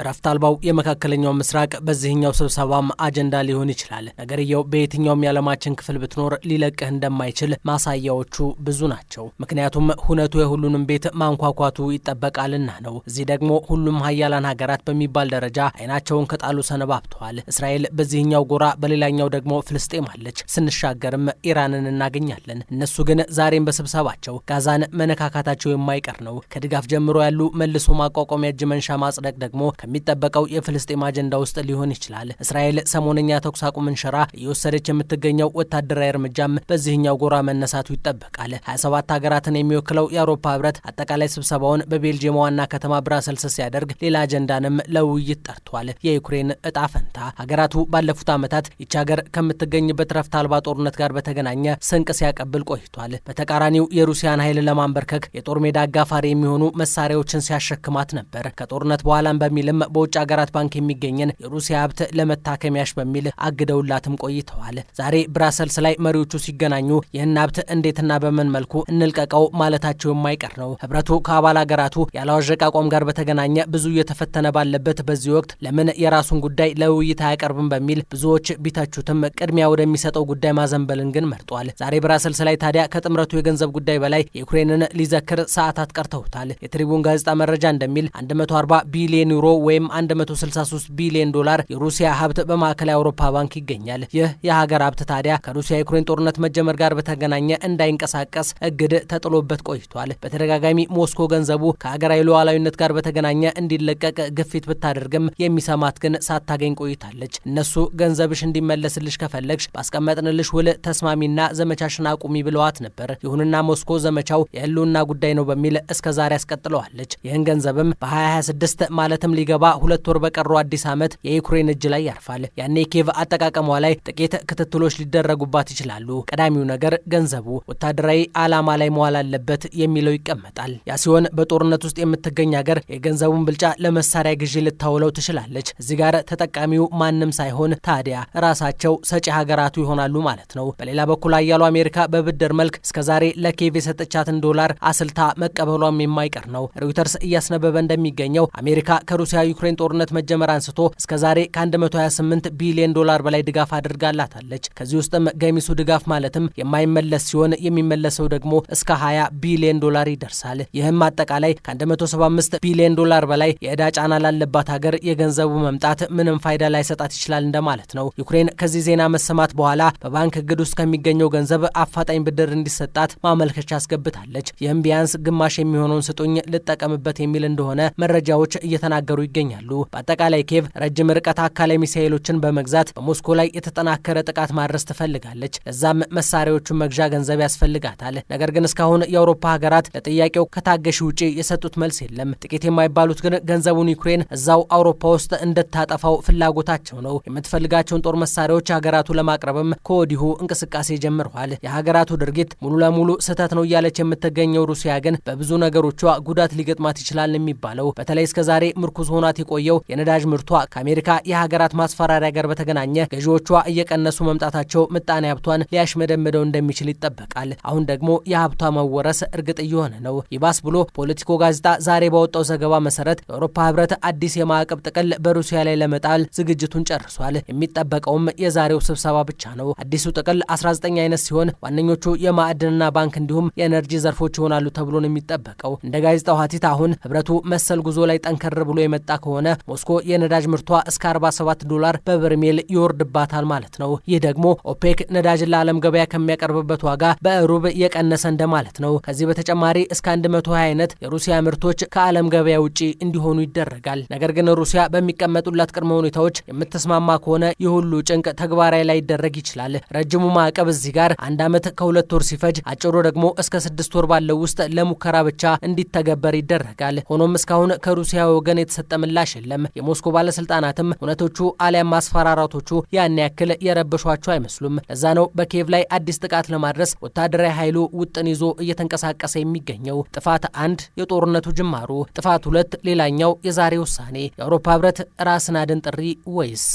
እረፍት አልባው የመካከለኛው ምስራቅ በዚህኛው ስብሰባም አጀንዳ ሊሆን ይችላል። ነገርየው በየትኛውም የዓለማችን ክፍል ብትኖር ሊለቅህ እንደማይችል ማሳያዎቹ ብዙ ናቸው። ምክንያቱም ሁነቱ የሁሉንም ቤት ማንኳኳቱ ይጠበቃልና ነው። እዚህ ደግሞ ሁሉም ሀያላን ሀገራት በሚባል ደረጃ አይናቸውን ከጣሉ ሰነባብተዋል። እስራኤል በዚህኛው ጎራ፣ በሌላኛው ደግሞ ፍልስጤም አለች። ስንሻገርም ኢራንን እናገኛለን። እነሱ ግን ዛሬም በስብሰባቸው ጋዛን መነካካታቸው የማይቀር ነው። ከድጋፍ ጀምሮ ያሉ መልሶ ማቋቋሚያ እጅ መንሻ ማጽደቅ ደግሞ ከሚጠበቀው የፍልስጤም አጀንዳ ውስጥ ሊሆን ይችላል። እስራኤል ሰሞነኛ ተኩስ አቁምን ሽራ እየወሰደች የምትገኘው ወታደራዊ እርምጃም በዚህኛው ጎራ መነሳቱ ይጠበቃል። 27 ሀገራትን የሚወክለው የአውሮፓ ህብረት አጠቃላይ ስብሰባውን በቤልጅየም ዋና ከተማ ብራሰልስ ሲያደርግ ሌላ አጀንዳንም ለውይይት ጠርቷል። የዩክሬን እጣ ፈንታ ሀገራቱ ባለፉት ዓመታት ይች ሀገር ከምትገኝበት ረፍት አልባ ጦርነት ጋር በተገናኘ ስንቅ ሲያቀብል ቆይቷል። በተቃራኒው የሩሲያን ኃይል ለማንበርከክ የጦር ሜዳ አጋፋሪ የሚሆኑ መሳሪያዎችን ሲያሸክማት ነበር። ከጦርነት በኋላም በሚል በመሄድም በውጭ ሀገራት ባንክ የሚገኘን የሩሲያ ሀብት ለመታከሚያሽ በሚል አግደውላትም ቆይተዋል። ዛሬ ብራሰልስ ላይ መሪዎቹ ሲገናኙ ይህን ሀብት እንዴትና በምን መልኩ እንልቀቀው ማለታቸው የማይቀር ነው። ህብረቱ ከአባል ሀገራቱ ያለዋዠቅ አቋም ጋር በተገናኘ ብዙ እየተፈተነ ባለበት በዚህ ወቅት ለምን የራሱን ጉዳይ ለውይይት አያቀርብም በሚል ብዙዎች ቢተቹትም ቅድሚያ ወደሚሰጠው ጉዳይ ማዘንበልን ግን መርጧል። ዛሬ ብራሰልስ ላይ ታዲያ ከጥምረቱ የገንዘብ ጉዳይ በላይ የዩክሬንን ሊዘክር ሰዓታት ቀርተውታል። የትሪቡን ጋዜጣ መረጃ እንደሚል 140 ቢሊዮን ዩሮ ወይም 163 ቢሊዮን ዶላር የሩሲያ ሀብት በማዕከላዊ አውሮፓ ባንክ ይገኛል። ይህ የሀገር ሀብት ታዲያ ከሩሲያ የዩክሬን ጦርነት መጀመር ጋር በተገናኘ እንዳይንቀሳቀስ እግድ ተጥሎበት ቆይቷል። በተደጋጋሚ ሞስኮ ገንዘቡ ከሀገራዊ ሉዓላዊነት ጋር በተገናኘ እንዲለቀቅ ግፊት ብታደርግም የሚሰማት ግን ሳታገኝ ቆይታለች። እነሱ ገንዘብሽ እንዲመለስልሽ ከፈለግሽ ባስቀመጥንልሽ ውል ተስማሚና ዘመቻሽን አቁሚ ብለዋት ነበር። ይሁንና ሞስኮ ዘመቻው የህልውና ጉዳይ ነው በሚል እስከ ዛሬ አስቀጥለዋለች። ይህን ገንዘብም በ2026 ማለትም ሊገ ሊገባ ሁለት ወር በቀረው አዲስ ዓመት የዩክሬን እጅ ላይ ያርፋል። ያኔ ኬቭ አጠቃቀሟ ላይ ጥቂት ክትትሎች ሊደረጉባት ይችላሉ። ቀዳሚው ነገር ገንዘቡ ወታደራዊ ዓላማ ላይ መዋል አለበት የሚለው ይቀመጣል። ያ ሲሆን በጦርነት ውስጥ የምትገኝ ሀገር የገንዘቡን ብልጫ ለመሳሪያ ግዢ ልታውለው ትችላለች። እዚህ ጋር ተጠቃሚው ማንም ሳይሆን ታዲያ ራሳቸው ሰጪ ሀገራቱ ይሆናሉ ማለት ነው። በሌላ በኩል አያሉ አሜሪካ በብድር መልክ እስከዛሬ ለኬቭ የሰጠቻትን ዶላር አስልታ መቀበሏም የማይቀር ነው። ሮይተርስ እያስነበበ እንደሚገኘው አሜሪካ ከሩሲያ ዩክሬን ጦርነት መጀመር አንስቶ እስከ ዛሬ ከ128 ቢሊዮን ዶላር በላይ ድጋፍ አድርጋላታለች። ከዚህ ውስጥም ገሚሱ ድጋፍ ማለትም የማይመለስ ሲሆን የሚመለሰው ደግሞ እስከ 20 ቢሊዮን ዶላር ይደርሳል። ይህም አጠቃላይ ከ175 ቢሊዮን ዶላር በላይ የዕዳ ጫና ላለባት ሀገር የገንዘቡ መምጣት ምንም ፋይዳ ላይሰጣት ይችላል እንደማለት ነው። ዩክሬን ከዚህ ዜና መሰማት በኋላ በባንክ እግድ ውስጥ ከሚገኘው ገንዘብ አፋጣኝ ብድር እንዲሰጣት ማመልከቻ አስገብታለች። ይህም ቢያንስ ግማሽ የሚሆነውን ስጡኝ ልጠቀምበት የሚል እንደሆነ መረጃዎች እየተናገሩ ይገኛሉ። በአጠቃላይ ኬቭ ረጅም ርቀት አካላዊ ሚሳኤሎችን በመግዛት በሞስኮ ላይ የተጠናከረ ጥቃት ማድረስ ትፈልጋለች። ለዛም መሳሪያዎቹን መግዣ ገንዘብ ያስፈልጋታል። ነገር ግን እስካሁን የአውሮፓ ሀገራት ለጥያቄው ከታገሽ ውጪ የሰጡት መልስ የለም። ጥቂት የማይባሉት ግን ገንዘቡን ዩክሬን እዛው አውሮፓ ውስጥ እንደታጠፋው ፍላጎታቸው ነው። የምትፈልጋቸውን ጦር መሳሪያዎች ሀገራቱ ለማቅረብም ከወዲሁ እንቅስቃሴ ጀምረዋል። የሀገራቱ ድርጊት ሙሉ ለሙሉ ስህተት ነው እያለች የምትገኘው ሩሲያ ግን በብዙ ነገሮቿ ጉዳት ሊገጥማት ይችላል የሚባለው በተለይ እስከዛሬ ምርኩዝ ሆኖ ለሰሞናት የቆየው የነዳጅ ምርቷ ከአሜሪካ የሀገራት ማስፈራሪያ ጋር በተገናኘ ገዢዎቿ እየቀነሱ መምጣታቸው ምጣኔ ሀብቷን ሊያሽመደምደው እንደሚችል ይጠበቃል። አሁን ደግሞ የሀብቷ መወረስ እርግጥ እየሆነ ነው። ይባስ ብሎ ፖለቲኮ ጋዜጣ ዛሬ ባወጣው ዘገባ መሰረት የአውሮፓ ህብረት አዲስ የማዕቀብ ጥቅል በሩሲያ ላይ ለመጣል ዝግጅቱን ጨርሷል። የሚጠበቀውም የዛሬው ስብሰባ ብቻ ነው። አዲሱ ጥቅል 19 አይነት ሲሆን ዋነኞቹ የማዕድንና ባንክ እንዲሁም የኤነርጂ ዘርፎች ይሆናሉ ተብሎ ነው የሚጠበቀው። እንደ ጋዜጣው ሀቲት አሁን ህብረቱ መሰል ጉዞ ላይ ጠንከር ብሎ የመ የሚመጣ ከሆነ ሞስኮ የነዳጅ ምርቷ እስከ 47 ዶላር በበርሜል ይወርድባታል ማለት ነው። ይህ ደግሞ ኦፔክ ነዳጅን ለዓለም ገበያ ከሚያቀርብበት ዋጋ በሩብ የቀነሰ እንደማለት ነው። ከዚህ በተጨማሪ እስከ 120 አይነት የሩሲያ ምርቶች ከዓለም ገበያ ውጪ እንዲሆኑ ይደረጋል። ነገር ግን ሩሲያ በሚቀመጡላት ቅድመ ሁኔታዎች የምትስማማ ከሆነ የሁሉ ጭንቅ ተግባራዊ ላይ ይደረግ ይችላል። ረጅሙ ማዕቀብ እዚህ ጋር አንድ ዓመት ከሁለት ወር ሲፈጅ፣ አጭሩ ደግሞ እስከ ስድስት ወር ባለው ውስጥ ለሙከራ ብቻ እንዲተገበር ይደረጋል። ሆኖም እስካሁን ከሩሲያ ወገን የተሰጠ የተሰጠ ምላሽ የለም። የሞስኮ ባለስልጣናትም እውነቶቹ አሊያም ማስፈራራቶቹ ያን ያክል የረበሿቸው አይመስሉም። ለዛ ነው በኪየቭ ላይ አዲስ ጥቃት ለማድረስ ወታደራዊ ኃይሉ ውጥን ይዞ እየተንቀሳቀሰ የሚገኘው። ጥፋት አንድ የጦርነቱ ጅማሩ፣ ጥፋት ሁለት ሌላኛው የዛሬ ውሳኔ። የአውሮፓ ህብረት ራስን አድን ጥሪ ወይስ